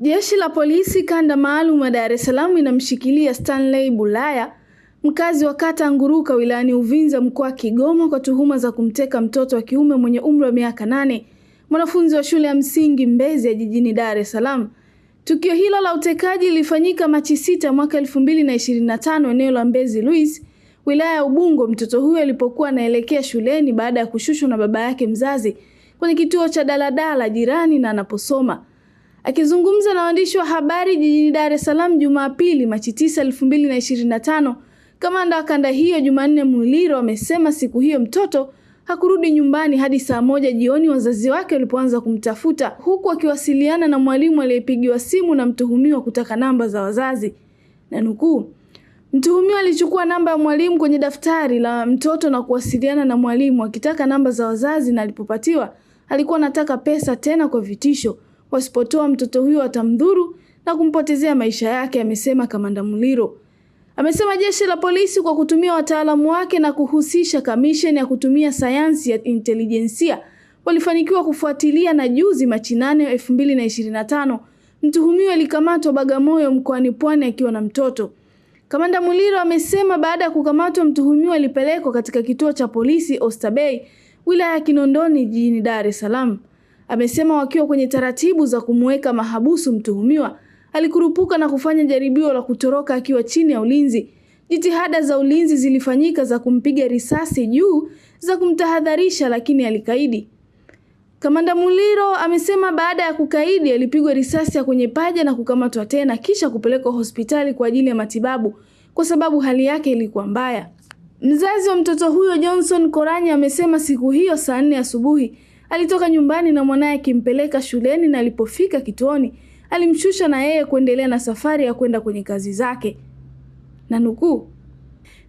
Jeshi la polisi kanda maalum ya Dar es Salaam inamshikilia Stanley Bulaya, mkazi wa kata Nguruka wilayani Uvinza mkoa wa Kigoma kwa tuhuma za kumteka mtoto wa kiume mwenye umri wa miaka nane mwanafunzi wa shule ya msingi Mbezi ya jijini Dar es Salaam. Tukio hilo la utekaji lilifanyika Machi sita mwaka 2025 na eneo la Mbezi Luis, wilaya ya Ubungo, mtoto huyo alipokuwa anaelekea shuleni baada ya kushushwa na baba yake mzazi kwenye kituo cha daladala jirani na anaposoma. Akizungumza na waandishi wa habari jijini Dar es Salaam Jumapili Machi 9, 2025, kamanda wa kanda hiyo Jumanne Muliro amesema siku hiyo mtoto hakurudi nyumbani hadi saa moja jioni wazazi wake walipoanza kumtafuta huku akiwasiliana na mwalimu aliyepigiwa simu na mtuhumiwa kutaka namba za wazazi. Na nukuu, mtuhumiwa alichukua namba ya mwalimu kwenye daftari la mtoto na kuwasiliana na mwalimu akitaka namba za wazazi, na alipopatiwa alikuwa anataka pesa tena kwa vitisho. Wasipotoa mtoto huyo watamdhuru na kumpotezea maisha yake, amesema kamanda Muliro. Amesema jeshi la polisi kwa kutumia wataalamu wake na kuhusisha kamisheni ya kutumia sayansi ya intelijensia walifanikiwa kufuatilia, na juzi Machi nane elfu na ishirini mtuhumiwa alikamatwa Bagamoyo mkoani Pwani akiwa na mtoto. Kamanda Muliro amesema baada ya kukamatwa mtuhumiwa alipelekwa katika kituo cha polisi Oysterbay wilaya ya Kinondoni jijini Dar es Salaam. Amesema wakiwa kwenye taratibu za kumweka mahabusu mtuhumiwa alikurupuka na kufanya jaribio la kutoroka akiwa chini ya ulinzi. Jitihada za ulinzi zilifanyika za kumpiga risasi juu za kumtahadharisha, lakini alikaidi. Kamanda Muliro amesema baada ya kukaidi alipigwa risasi ya kwenye paja na kukamatwa tena kisha kupelekwa hospitali kwa ajili ya matibabu kwa sababu hali yake ilikuwa mbaya. Mzazi wa mtoto huyo Johnson Koranya amesema siku hiyo saa nne asubuhi Alitoka nyumbani na mwanaye akimpeleka shuleni na alipofika kituoni alimshusha na yeye kuendelea na safari ya kwenda kwenye kazi zake. Na nukuu,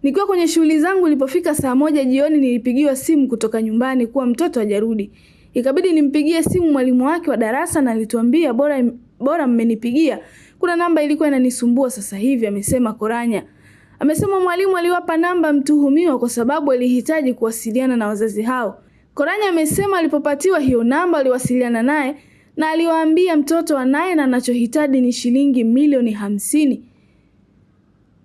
nikiwa kwenye shughuli zangu, ilipofika saa moja jioni nilipigiwa simu kutoka nyumbani kuwa mtoto hajarudi. Ikabidi nimpigie simu mwalimu wake wa darasa na alituambia bora, bora mmenipigia, kuna namba ilikuwa inanisumbua sasa hivi, amesema Koranya. Amesema mwalimu aliwapa namba mtuhumiwa kwa sababu alihitaji kuwasiliana na wazazi hao. Korani amesema alipopatiwa hiyo namba aliwasiliana naye na aliwaambia mtoto anaye na anachohitaji ni shilingi milioni hamsini.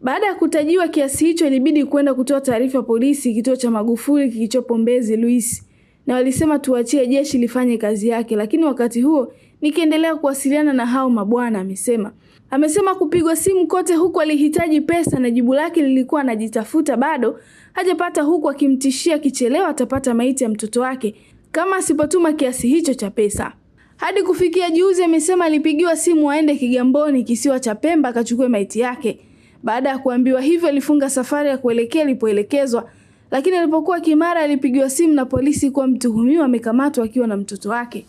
Baada ya kutajiwa kiasi hicho, ilibidi kwenda kutoa taarifa polisi, kituo cha Magufuli kilichopo Mbezi Luis na walisema tuachie jeshi lifanye kazi yake, lakini wakati huo nikiendelea kuwasiliana na hao mabwana, amesema. Amesema kupigwa simu kote huku alihitaji pesa na jibu lake lilikuwa anajitafuta bado hajapata, huku akimtishia kichelewa atapata maiti ya mtoto wake kama asipotuma kiasi hicho cha pesa. Hadi kufikia juzi, amesema alipigiwa simu aende Kigamboni, kisiwa cha Pemba, akachukue maiti yake. Baada ya kuambiwa hivyo, alifunga safari ya kuelekea alipoelekezwa lakini alipokuwa Kimara alipigiwa simu na polisi kuwa mtuhumiwa amekamatwa akiwa na mtoto wake.